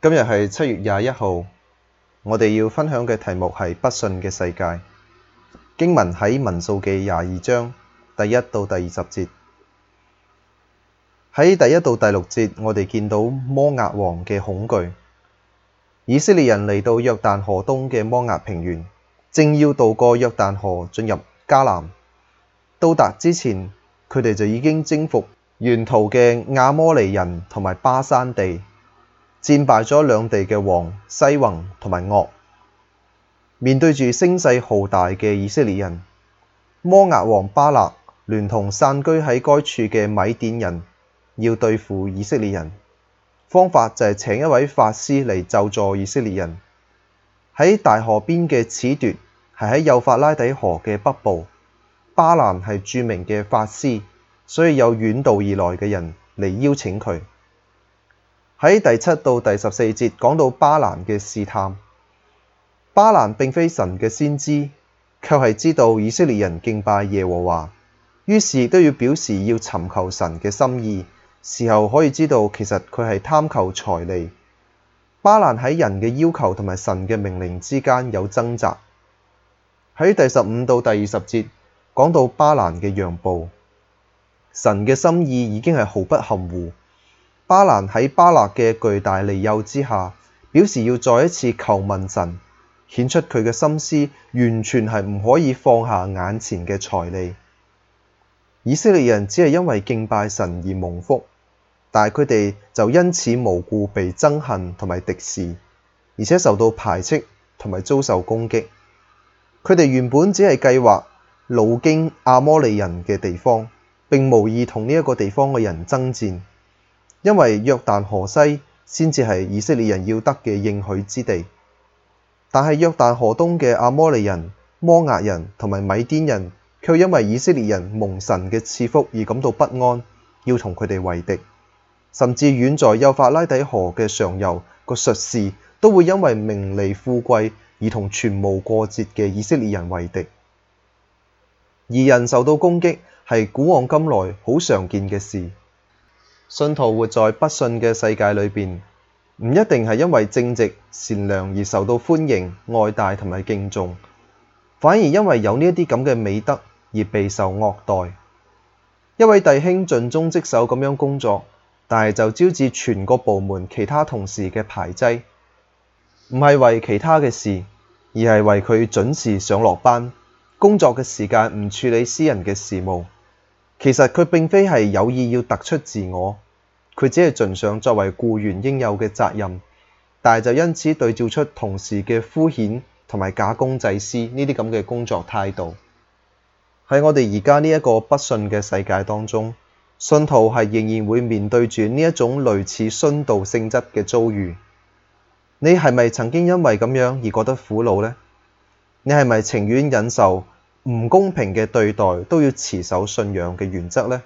今日係七月廿一號，我哋要分享嘅題目係不信嘅世界。經文喺民數記廿二章第一到第二十節。喺第一到第六節，我哋見到摩押王嘅恐懼。以色列人嚟到約旦河東嘅摩押平原，正要渡過約旦河進入迦南。到達之前，佢哋就已經征服沿途嘅亞摩利人同埋巴山地。戰敗咗兩地嘅王西宏同埋噩，面對住聲勢浩大嘅以色列人，摩押王巴勒聯同散居喺該處嘅米甸人，要對付以色列人。方法就係請一位法師嚟咒詛以色列人。喺大河邊嘅此奪係喺幼發拉底河嘅北部。巴蘭係著名嘅法師，所以有遠道而來嘅人嚟邀請佢。喺第七到第十四節講到巴蘭嘅試探，巴蘭並非神嘅先知，却係知道以色列人敬拜耶和華，於是都要表示要尋求神嘅心意。事後可以知道，其實佢係貪求財利。巴蘭喺人嘅要求同埋神嘅命令之間有掙扎。喺第十五到第二十節講到巴蘭嘅讓步，神嘅心意已經係毫不含糊。巴蘭喺巴勒嘅巨大利誘之下，表示要再一次求問神，顯出佢嘅心思完全係唔可以放下眼前嘅財利。以色列人只係因為敬拜神而蒙福，但係佢哋就因此無故被憎恨同埋敵視，而且受到排斥同埋遭受攻擊。佢哋原本只係計劃路經亞摩利人嘅地方，並無意同呢一個地方嘅人爭戰。因為約旦河西先至係以色列人要得嘅應許之地，但係約旦河東嘅亞摩利人、摩亞人同埋米甸人卻因為以色列人蒙神嘅賜福而感到不安，要同佢哋為敵。甚至遠在幼發拉底河嘅上游個術士都會因為名利富貴而同全無過節嘅以色列人為敵。義人受到攻擊係古往今來好常見嘅事。信徒活在不信嘅世界裏邊，唔一定係因為正直善良而受到歡迎、愛戴同埋敬重，反而因為有呢啲咁嘅美德而備受惡待。一位弟兄盡忠職守咁樣工作，但係就招致全個部門其他同事嘅排擠，唔係為其他嘅事，而係為佢準時上落班，工作嘅時間唔處理私人嘅事務。其實佢並非係有意要突出自我，佢只係盡上作為僱員應有嘅責任，但係就因此對照出同事嘅敷衍同埋假公濟私呢啲咁嘅工作態度。喺我哋而家呢一個不信嘅世界當中，信徒係仍然會面對住呢一種類似殉道性質嘅遭遇。你係咪曾經因為咁樣而覺得苦惱呢？你係咪情願忍受唔公平嘅對待都要持守信仰嘅原則咧。